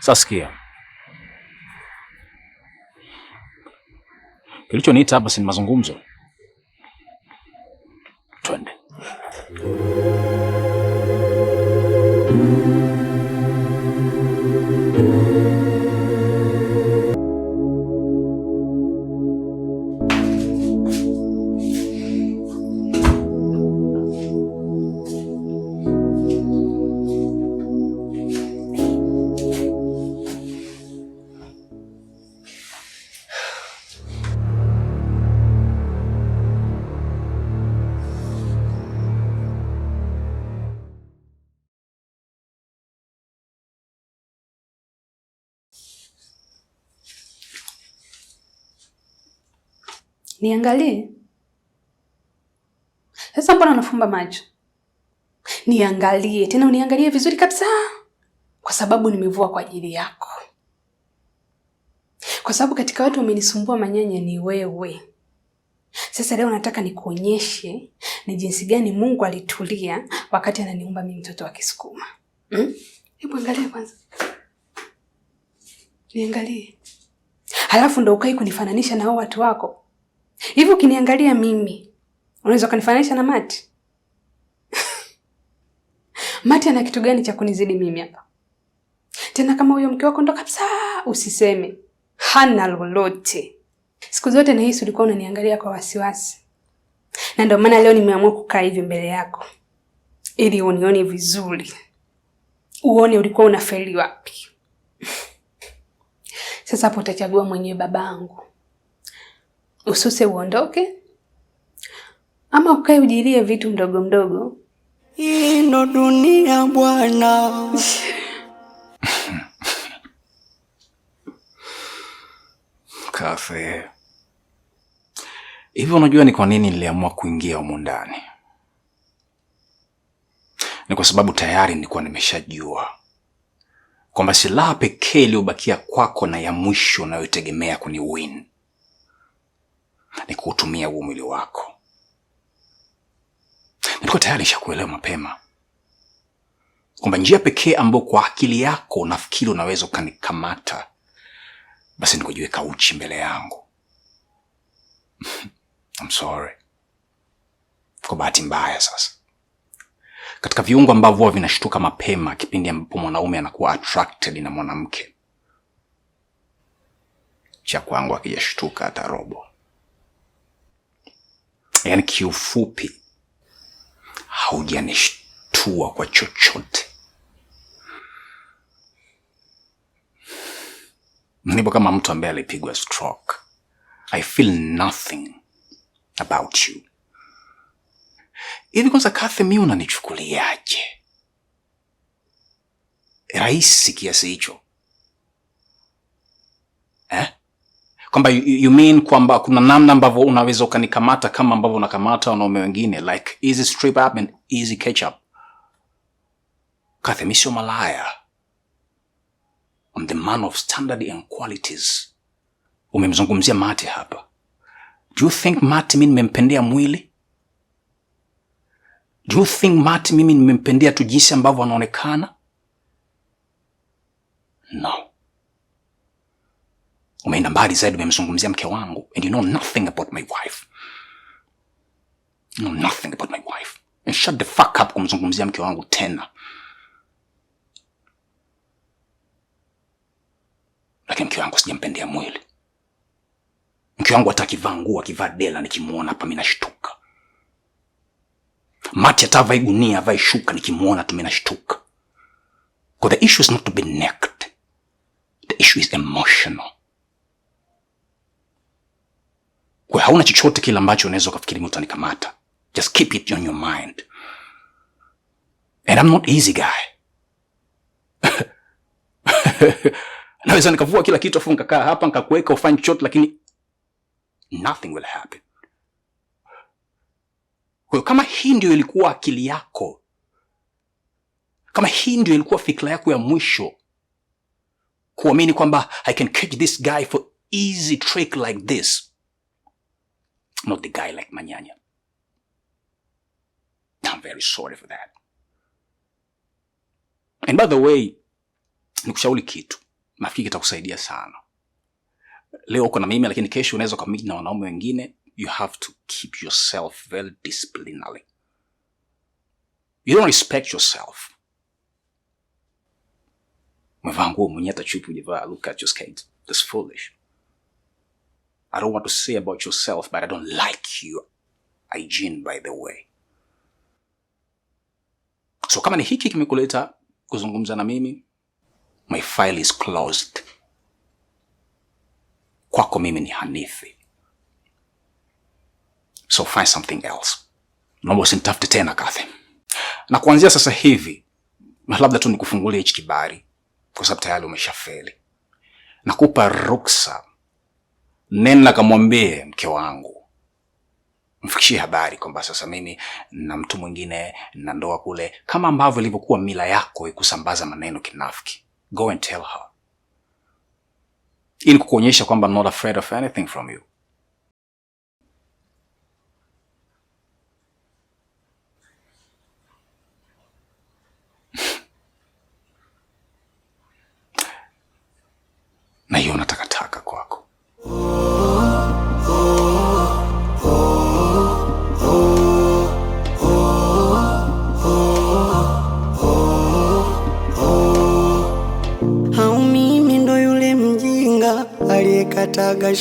Sasikia kilichoniita hapa si mazungumzo? Twende. Niangalie sasa. Mbona unafumba macho? Niangalie tena, uniangalie vizuri kabisa, kwa sababu nimevua kwa ajili yako, kwa sababu katika watu umenisumbua manyanya ni wewe. Sasa leo nataka nikuonyeshe ni jinsi gani Mungu alitulia wakati ananiumba mimi mtoto wa Kisukuma. Hmm? Hebu kwanza, niangalie, halafu ndo ukai kunifananisha na hao watu wako. Hivi ukiniangalia mimi unaweza ukanifananisha na Mati? Mati ana kitu gani cha kunizidi mimi hapa? Tena kama huyo mke wako ndo kabisa usiseme hana lolote. Siku zote nahisi ulikuwa unaniangalia kwa wasiwasi, na ndio maana leo nimeamua kukaa hivi mbele yako ili unione vizuri, uone ulikuwa unafeli wapi. Sasa hapo utachagua mwenyewe babangu ususe uondoke, ama ukae ujilie vitu mdogo mdogo. Hii ndo dunia bwana. Kafe, hivyo unajua ni kwa nini niliamua kuingia humu ndani? Ni kwa sababu tayari nilikuwa nimeshajua kwamba silaha pekee iliyobakia kwako na ya mwisho unayotegemea kuni win ni kuutumia huo mwili wako. Niko tayari nishakuelewa mapema kwamba njia pekee ambayo kwa akili yako nafikiri unaweza ukanikamata basi ni kujiweka uchi mbele yangu. I'm sorry. Kwa bahati mbaya sasa, katika viungo ambavyo huwa vinashtuka mapema kipindi ambapo mwanaume anakuwa attracted na mwanamke, cha kwangu akijashtuka hata robo yaani kiufupi haujanishtua kwa chochote. Nipo kama mtu ambaye alipigwa stroke. I feel nothing about you. Hivi kwanza, Kathy, mi unanichukuliaje rahisi kiasi hicho? kwamba you mean kwamba kuna namna ambavyo unaweza ukanikamata kama ambavyo unakamata wanaume wengine like easy strip up and easy catch up. Kathemi malaya. I'm the man of standard and qualities. Umemzungumzia Mate hapa. Do you think Mate mi nimempendea mwili? Do you think Mate mimi nimempendea tu jinsi ambavyo anaonekana? No umeenda mbali zaidi, umemzungumzia mke wangu, and you know nothing about my wife. You know nothing about my wife, and shut the fuck up kumzungumzia mke wangu tena. Lakini mke wangu sijampendea mwili, mke wangu hata akivaa nguo, akivaa dela, nikimwona hapa mimi nashtuka. Mati atavai gunia, avai shuka, nikimwona tu mimi nashtuka. Because the issue is not to be naked. The issue is emotional. Kwa hauna chochote kile ambacho unaweza ukafikiri mtu anikamata. Just keep it on your mind. And I'm not easy guy. Naweza nikavua kila kitu afu nikakaa hapa nikakuweka ufanye chochote lakini nothing will happen. Kwa kama hii ndio ilikuwa akili yako, kama hii ndio ilikuwa fikra yako ya mwisho kuamini kwamba I can catch this guy for easy trick like this Not the guy like Manyanya. I'm very sorry for that. And by the way, nikushauri kitu nafikiri kitakusaidia sana. Leo uko na mimi, lakini kesho unaweza ukamiti na wanaume wengine. You have to keep yourself very disciplinarily. You don't respect yourself. Umevaa nguo mwenye hata chupi Look at your skate. That's foolish. I don't want to say about yourself, but I don't like you hygiene, by the way. So kama ni hiki kimekuleta kuzungumza na mimi, my file is closed. Kwako mimi ni Hanithi, so find something else. Naomba usinitafute tena Kathy, na kuanzia sasa hivi labda tu nikufungulie hichi kibari, kwa sababu tayari umeshafeli. Nakupa ruksa nenda kamwambie mke wangu, mfikishie habari kwamba sasa mimi na mtu mwingine na ndoa kule, kama ambavyo ilivyokuwa mila yako ikusambaza maneno kinafiki. Go and tell her, ili kukuonyesha kwamba I'm not afraid of anything from you.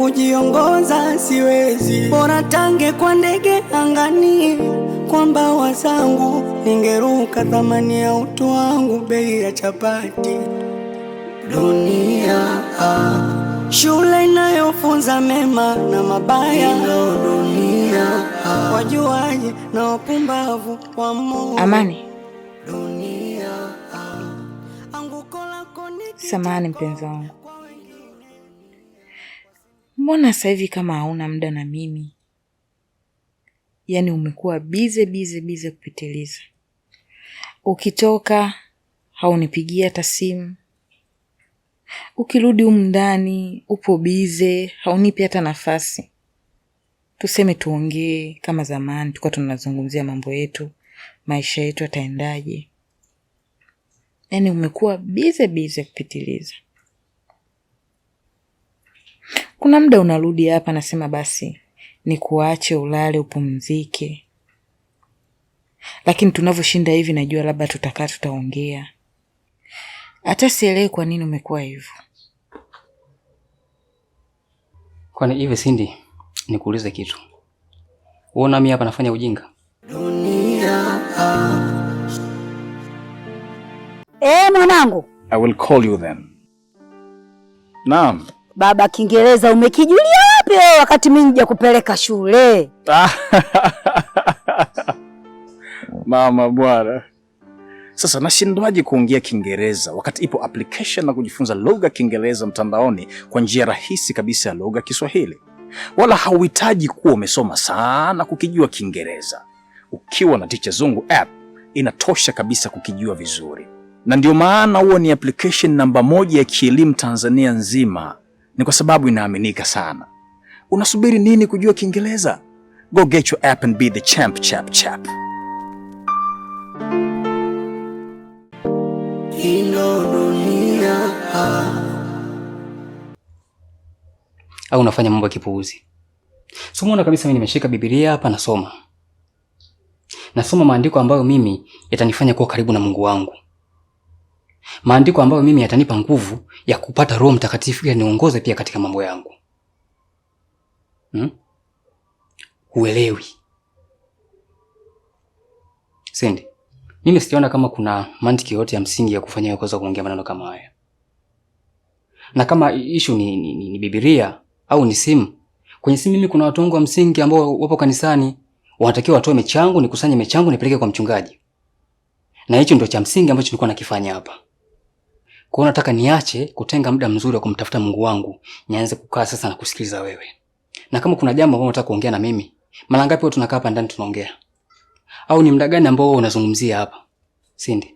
kujiongoza siwezi, bora tange kwa ndege angani, kwa mbawa zangu ningeruka. Thamani ya utu wangu bei ya chapati. Dunia ah. shule inayofunza mema na mabaya. Ilo dunia ah. wajuaji na wapumbavu wa Mungu. Amani ah. samani, mpenzi wangu, mbona sasa hivi kama hauna muda na mimi? Yaani umekuwa bize bize bize kupitiliza. Ukitoka haunipigia hata simu, ukirudi humu ndani upo bize, haunipi hata nafasi tuseme tuongee kama zamani, tukuwa tunazungumzia mambo yetu, maisha yetu yataendaje. Yaani umekuwa bize bize kupitiliza. Kuna muda unarudi hapa nasema basi ni kuache ulale upumzike. Lakini tunavyoshinda hivi najua labda tutakaa tutaongea. Hata sielewi kwa nini umekuwa hivyo. Kwani hivi Sindi, nikuulize kitu. Uona mimi hapa nafanya ujinga? Dunia. Eh, mwanangu. I will call you then. Naam. Baba, Kiingereza umekijulia wapi wewe wakati mimi nija kupeleka shule? Mama bwana, sasa nashindwaje kuongea Kiingereza wakati ipo application na kujifunza lugha ya Kiingereza mtandaoni kwa njia rahisi kabisa ya lugha Kiswahili. Wala hauhitaji kuwa umesoma sana kukijua Kiingereza. Ukiwa na Ticha Zungu app inatosha kabisa kukijua vizuri, na ndio maana huwa ni application namba moja ya kielimu Tanzania nzima ni kwa sababu inaaminika sana. Unasubiri nini kujua Kiingereza? Go get your app and be the champ chap chap. Au unafanya mambo ya kipuuzi. Sumuona kabisa mimi nimeshika Biblia hapa nasoma. Nasoma maandiko ambayo mimi yatanifanya kuwa karibu na Mungu wangu maandiko ambayo mimi yatanipa nguvu ya kupata Roho Mtakatifu ili niongoze pia katika mambo yangu. Hmm? Uelewi sindi? Mimi sijaona kama kuna mantiki yote ya msingi ya kufanya kuweza kuongea maneno kama haya, na kama ishu ni, ni, ni, ni Biblia au ni simu. Kwenye simu mimi kuna watu wa msingi ambao wapo kanisani, wanatakiwa watoe mechangu nikusanye mechangu nipeleke kwa mchungaji, na hicho ndio cha msingi ambacho nilikuwa nakifanya hapa. Kwa nataka niache kutenga muda mzuri wa kumtafuta Mungu wangu, nianze kukaa sasa na kusikiliza wewe. Na kama kuna jambo ambalo unataka kuongea na mimi, mara ngapi wewe tunakaa hapa ndani tunaongea? Au ni muda gani ambao wewe unazungumzia hapa? Sindi.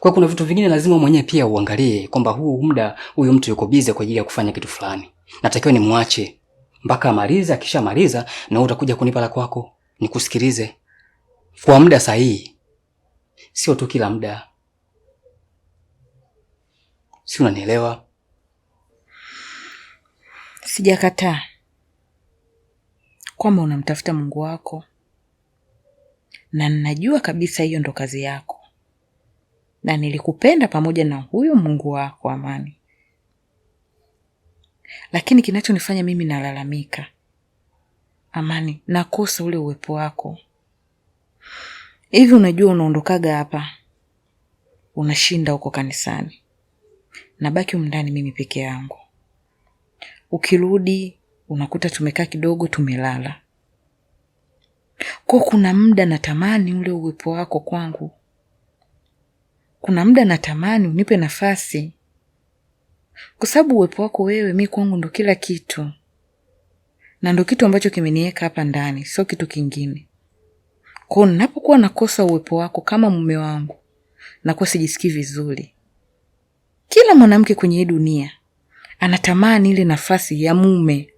Kwa kuna vitu vingine lazima mwenyewe pia uangalie kwamba huu muda huyu mtu yuko bize kwa ajili ya kufanya kitu fulani. Natakiwa nimwache mpaka amalize, maliza na utakuja kunipa la kwako, nikusikilize kwa muda sahihi. Sio tu kila muda si unanielewa? Sijakataa kwamba unamtafuta Mungu wako na ninajua kabisa hiyo ndo kazi yako, na nilikupenda pamoja na huyo Mungu wako Amani, lakini kinachonifanya mimi nalalamika Amani, nakosa ule uwepo wako. Hivi unajua unaondokaga hapa unashinda huko kanisani, nabaki humu mimi peke yangu. Ukirudi unakuta tumekaa kidogo, tumelala. Kwa kuna muda natamani ule uwepo wako kwangu, kuna muda natamani unipe nafasi, kwa sababu uwepo wako wewe mi kwangu ndo kila kitu, na ndo kitu ambacho kimeniweka hapa ndani, sio kitu kingine. Kwao ninapokuwa nakosa uwepo wako kama mume wangu, nakuwa sijisikii vizuri. Kila mwanamke kwenye hii dunia anatamani ile nafasi ya mume,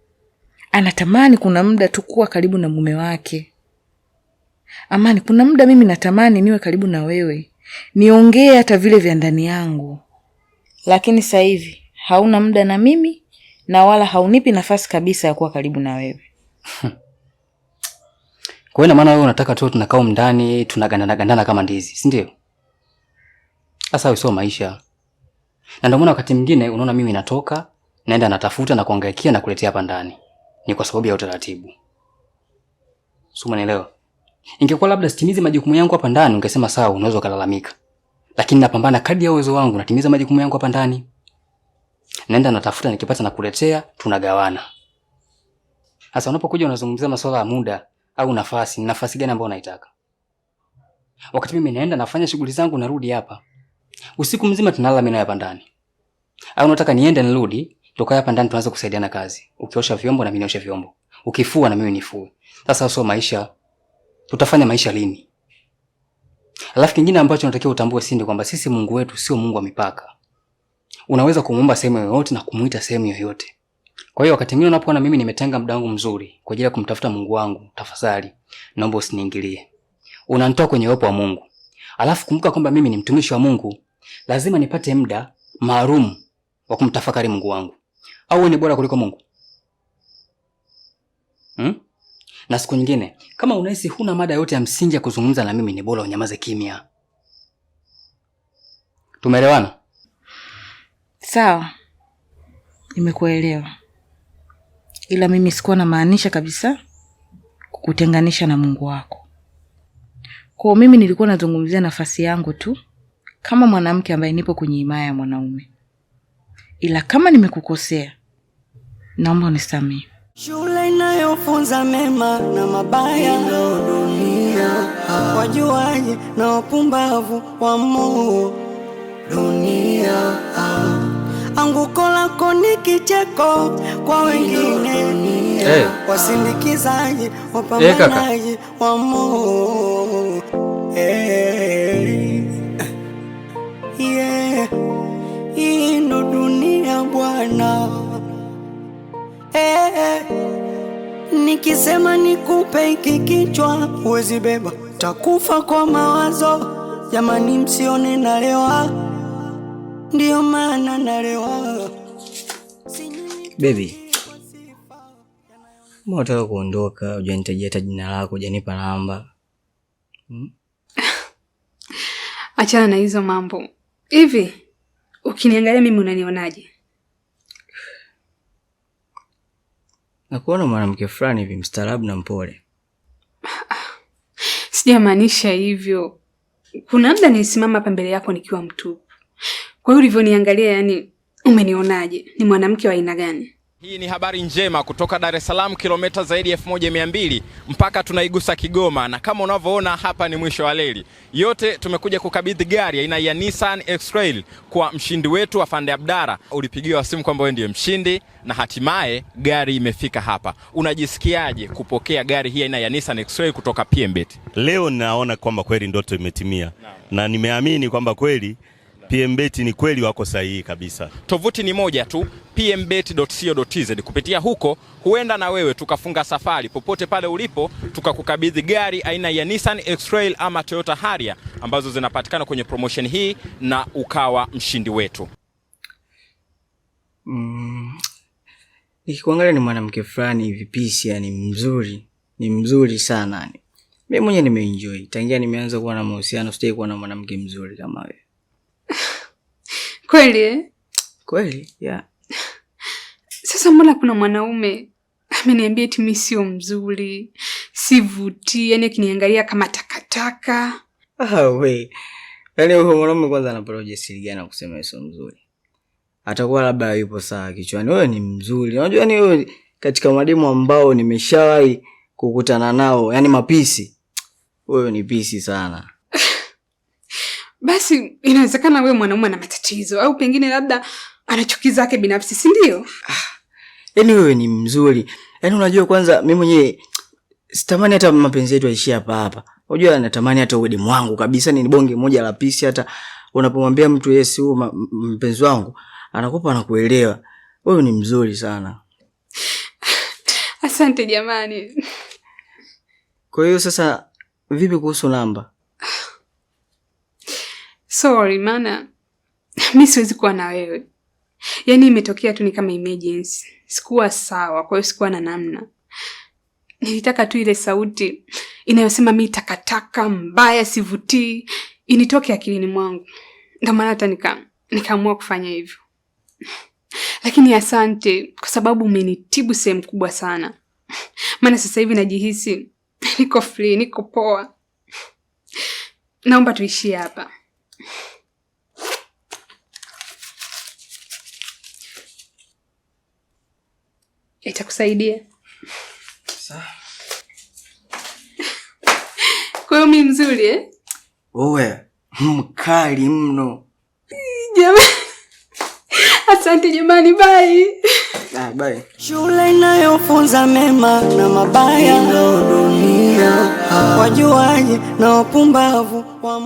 anatamani kuna muda tu kuwa karibu na mume wake. Amani, kuna muda mimi natamani niwe karibu na wewe, niongee hata vile vya ndani yangu, lakini sasa hivi hauna muda na mimi na wala haunipi nafasi kabisa ya kuwa karibu na wewe. Kwa hiyo maana wewe unataka tu tunakaa ndani tunagandana gandana kama ndizi, si ndio? Sasa sio maisha na ndio maana wakati mwingine unaona mimi natoka naenda natafuta na kuangaikia na kuletea hapa ndani, ni kwa sababu ya utaratibu. Sio, umeelewa? Ingekuwa labda sitimizi majukumu yangu hapa ndani, ungesema sawa, unaweza kulalamika, lakini napambana kadri ya uwezo wangu, natimiza majukumu yangu hapa ndani, naenda natafuta, nikipata na kuletea, tunagawana. Sasa unapokuja unazungumzia masuala ya muda au nafasi, ni nafasi gani ambayo unaitaka? Wakati mimi naenda nafanya shughuli zangu, narudi hapa Usiku mzima tunalala mimi na hapa ndani. Au unataka niende nirudi, toka hapa ndani tuanze kusaidiana kazi. Ukiosha vyombo na mimi niosha vyombo. Ukifua na mimi nifue. Sasa sio maisha. Tutafanya maisha lini? Alafu kingine ambacho natakiwa utambue Sindi kwamba sisi Mungu wetu sio Mungu wa mipaka. Unaweza kumuomba sehemu yoyote na kumuita sehemu yoyote. Kwa hiyo wakati mwingine unapoona mimi nimetenga muda wangu mzuri kwa ajili ya kumtafuta Mungu wangu, tafadhali naomba usiniingilie. Unanitoa kwenye uwepo wa Mungu. Alafu kumbuka kwamba mimi ni mtumishi wa Mungu lazima nipate muda maalum wa kumtafakari Mungu wangu, au ni bora kuliko Mungu hmm? Na siku nyingine kama unahisi huna mada yote ya msingi ya kuzungumza na mimi, ni bora unyamaze kimya. Tumeelewana? Sawa, nimekuelewa, ila mimi sikuwa na maanisha kabisa kukutenganisha na Mungu wako. Kwa mimi nilikuwa nazungumzia nafasi yangu tu kama mwanamke ambaye nipo kwenye himaya ya mwanaume, ila kama nimekukosea, naomba unisamehe. Shule inayofunza mema na mabaya dunia, wajuaji na wapumbavu wa moo dunia. Anguko lako ni kicheko kwa wengine, wasindikizaji, wapambanaji wa moo hey. Bwana eh, eh, nikisema nikupe hiki kichwa uwezi beba, takufa kwa mawazo. Jamani, msione nalewa, ndio maana nalewa. Baby, mbona unataka kuondoka? Hujanitajia hata jina lako, hujanipa namba hmm? Achana na hizo mambo. Hivi ukiniangalia mimi unanionaje? na kuona mwanamke fulani hivi mstaarabu na mpole. Sijamaanisha hivyo. Kuna muda nilisimama hapa mbele yako nikiwa mtupu. Kwa hiyo ulivyoniangalia, yani umenionaje? Ni mwanamke wa aina gani? Hii ni habari njema kutoka Dar es Salaam, kilomita zaidi ya 1200 mpaka tunaigusa Kigoma, na kama unavyoona hapa ni mwisho wa leli Yote tumekuja kukabidhi gari aina ya Nissan X-Trail kwa mshindi wetu Afande Abdara. Ulipigiwa simu kwamba wewe ndiye mshindi na hatimaye gari imefika hapa. Unajisikiaje kupokea gari hii aina ya Nissan X-Trail kutoka PMbet? Leo naona kwamba kweli ndoto imetimia na, na nimeamini kwamba kweli PMBet ni kweli wako sahihi kabisa. Tovuti ni moja tu pmbet.co.tz. Kupitia huko huenda na wewe tukafunga safari popote pale ulipo, tukakukabidhi gari aina ya Nissan X-Trail ama Toyota Harrier ambazo zinapatikana kwenye promotion hii na ukawa mshindi wetu. Mm, nikikuangalia ni mwanamke fulani hivi pisi, yani mzuri, ni mzuri sana Mimi mwenyewe nimeenjoy tangia nimeanza kuwa na mahusiano, sitaki kuwa na mwanamke mzuri kama wewe. Kweli eh? Kweli, yeah. Sasa mbona kuna mwanaume ameniambia eti mimi sio mzuri, sivutii, yani akiniangalia kama takataka. Ah, we. Yaani huyo mwanaume kwanza anapata ujasiri gani kusema sio mzuri? Atakuwa labda yupo sawa kichwani. Wewe ni mzuri. Unajua ni yaani wewe katika mwalimu ambao nimeshawahi kukutana nao, yani mapisi. Wewe ni pisi sana basi inawezekana wewe mwanaume ana matatizo au pengine labda ana chuki zake binafsi, si ndio? Ah, yaani wewe ni mzuri. Yaani unajua, kwanza mimi mwenyewe sitamani hata mapenzi yetu yaishie hapa hapa. Unajua, natamani hata uwe demu wangu kabisa, ni bonge moja la pisi. Hata unapomwambia mtu yeye si mpenzi wangu, anakupa anakuelewa. Wewe ni mzuri sana, asante jamani. Kwa hiyo sasa, vipi kuhusu namba? sorry, maana mi siwezi kuwa na wewe. Yaani imetokea tu, ni kama emergency, sikuwa sawa, kwa hiyo sikuwa na namna. Nilitaka tu ile sauti inayosema mi takataka mbaya, sivutii, initoke akilini mwangu. ndo maana hata nika nikaamua kufanya hivyo, lakini asante kwa sababu umenitibu sehemu kubwa sana, maana sasa hivi najihisi niko free, niko poa. Naomba tuishie hapa. itakusaidia. Kwa hiyo mi mzuri eh? Wewe mkali mno Asante jamani, bye. Ah, bye. Shule inayofunza mema na mabaya, ndio dunia, wajuaji na wapumbavu wa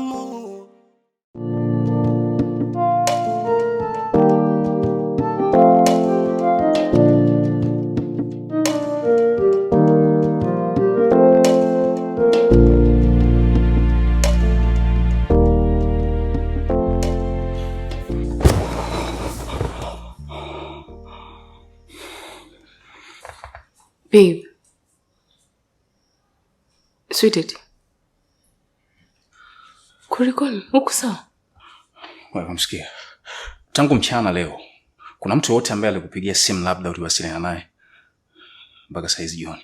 Babe. Sweetie. Kulikoni huku sawa? Wewe unamsikia? Tangu mchana leo kuna mtu yote ambaye alikupigia simu labda uliwasiliana naye mpaka saa hizi jioni?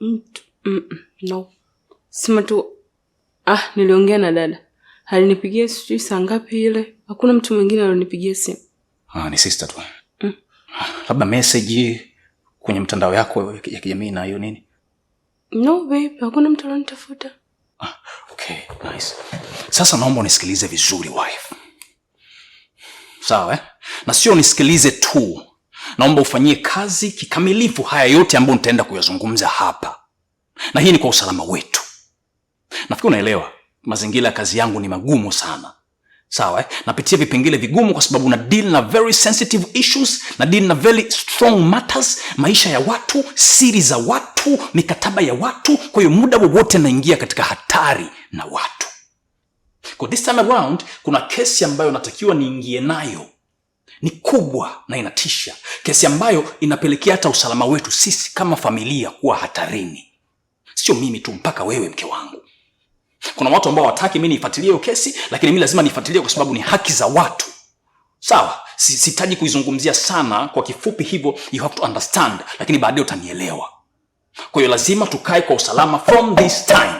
Mtu mm -mm, no. Sema tu ah, niliongea na dada. Alinipigia sijui saa ngapi ile. Hakuna mtu mwingine alinipigia simu. Ah, ni sister tu. Mm. Labda message kwenye mtandao yako ya kijamii na hiyo nini? No babe, hakuna mtu ananitafuta. Ah, okay, nice. Sasa naomba unisikilize vizuri wife. Sawa eh? Na sio unisikilize tu. Naomba ufanyie kazi kikamilifu haya yote ambayo nitaenda kuyazungumza hapa. Na hii ni kwa usalama wetu. Nafikiri unaelewa, mazingira ya kazi yangu ni magumu sana. Sawa eh? Napitia vipengele vigumu kwa sababu na deal na very sensitive issues, na deal na very strong matters, maisha ya watu, siri za watu, mikataba ya watu. Kwa hiyo muda wowote naingia katika hatari na watu. Kwa this time around kuna kesi ambayo natakiwa niingie nayo, ni kubwa na inatisha, kesi ambayo inapelekea hata usalama wetu sisi kama familia kuwa hatarini, sio mimi tu, mpaka wewe mke wangu kuna watu ambao wataki mimi nifuatilie hiyo kesi, lakini mimi lazima nifuatilie kwa sababu ni haki za watu. Sawa, sitaji kuizungumzia sana, kwa kifupi hivyo, you have to understand, lakini baadaye utanielewa. Kwa hiyo lazima tukae kwa usalama from this time.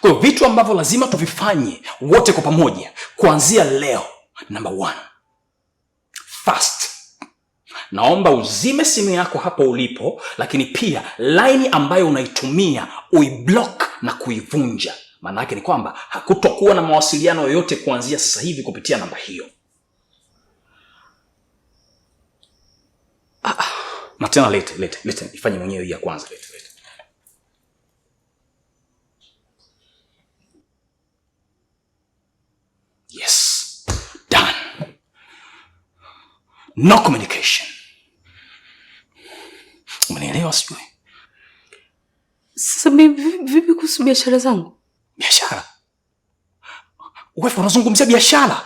Kwa hiyo vitu ambavyo lazima tuvifanye wote kwa pamoja kuanzia leo, number one, first Naomba uzime simu yako hapo ulipo, lakini pia laini ambayo unaitumia uiblock na kuivunja. Maana yake ni kwamba hakutokuwa na mawasiliano yoyote kuanzia sasa hivi kupitia namba hiyo. Ah, Matena, ah. lete lete lete, ifanye mwenyewe hii ya kwanza, lete lete. Yes, done. No communication. Umenielewa sijui? Sasa vipi kuhusu biashara zangu? Biashara wewe unazungumzia biashara,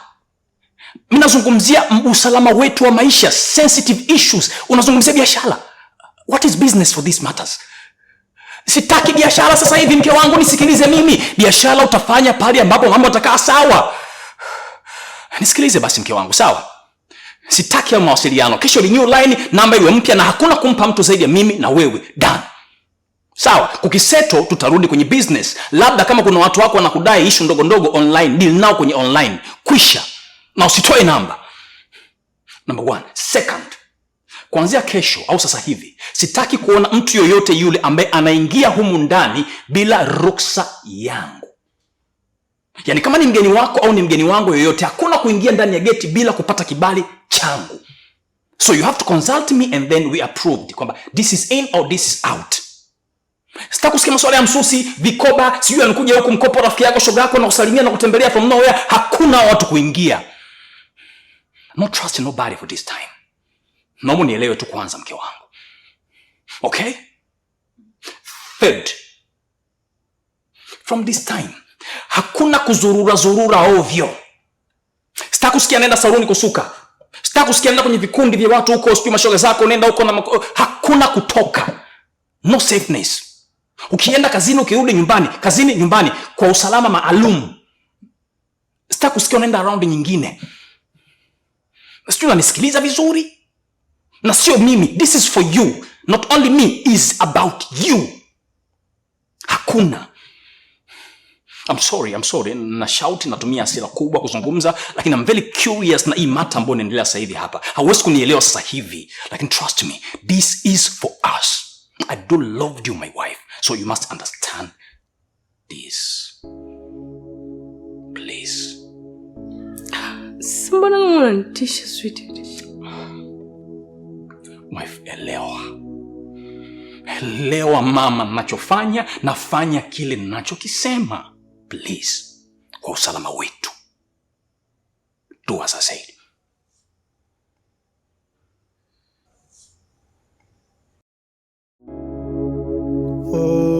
mnazungumzia usalama wetu wa maisha, sensitive issues, unazungumzia biashara. What is business for these matters? Sitaki biashara sasa hivi, mke wangu, nisikilize mimi. Biashara utafanya pale ambapo mambo atakaa sawa. Nisikilize basi mke wangu, sawa? Sitaki ya mawasiliano, kesho renew line, namba iwe mpya na hakuna kumpa mtu zaidi ya mimi na wewe. Done. Sawa, kukiseto tutarudi kwenye business. Labda kama kuna watu wako wanakudai issue ndogo ndogo online, deal nao kwenye online. Kwisha. Na usitoe namba. Number one. Second, kuanzia kesho au sasa hivi sitaki kuona mtu yoyote yule ambaye anaingia humu ndani bila ruksa yangu. Yaani kama ni mgeni wako au ni mgeni wangu yoyote, hakuna kuingia ndani ya geti bila kupata kibali changu. So you have to consult me and then we approved kwamba this is in or this is out. Sitaki kusikia masuala ya msusi, vikoba, sijui anakuja huku mkopo rafiki yako shoga yako na kusalimia na kutembelea from nowhere, hakuna watu kuingia. No trust nobody for this time. Naomba nielewe tu kwanza mke wangu. Okay? Third. From this time, hakuna kuzurura zurura ovyo. Sitaki kusikia nenda saluni kusuka. Sitaki kusikia nenda kwenye vikundi vya watu huko, sijui mashoga zako nenda huko na mako. Hakuna kutoka. No safeness. Ukienda kazini, ukirudi nyumbani, kazini, nyumbani, kwa usalama maalum. Sitaki kusikia unaenda raundi nyingine. Sijui unanisikiliza vizuri, na sio mimi. This is for you, not only me, is about you. Hakuna I'm sorry, I'm sorry. Na shauti natumia asira kubwa kuzungumza, lakini I'm very curious na hii mata ambayo inaendelea hivi hapa. Hauwezi kunielewa sasa hivi, lakini trust me, this is for us. I do love you, my wife. So you must understand this. Please. Mbona unanitisha sweetheart? Wife, elewa. Elewa mama, ninachofanya nafanya kile ninachokisema. Please. Kwa usalama wetu. Do as I said. Oh.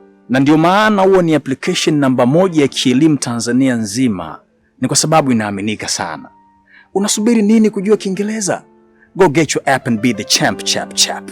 na ndio maana huo ni application namba moja ya kielimu Tanzania nzima, ni kwa sababu inaaminika sana. Unasubiri nini kujua Kiingereza? Go get your app and be the champ chap chap.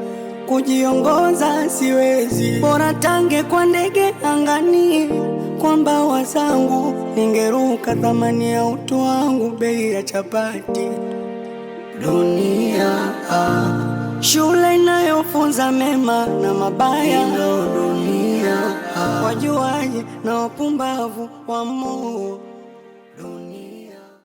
kujiongoza siwezi, bora tange kwa ndege angani, kwa mbawa zangu ningeruka. Thamani ya utu wangu bei ya chapati. Dunia ah, shule inayofunza mema na mabaya. Dunia ah, wajuaji na wapumbavu wa moo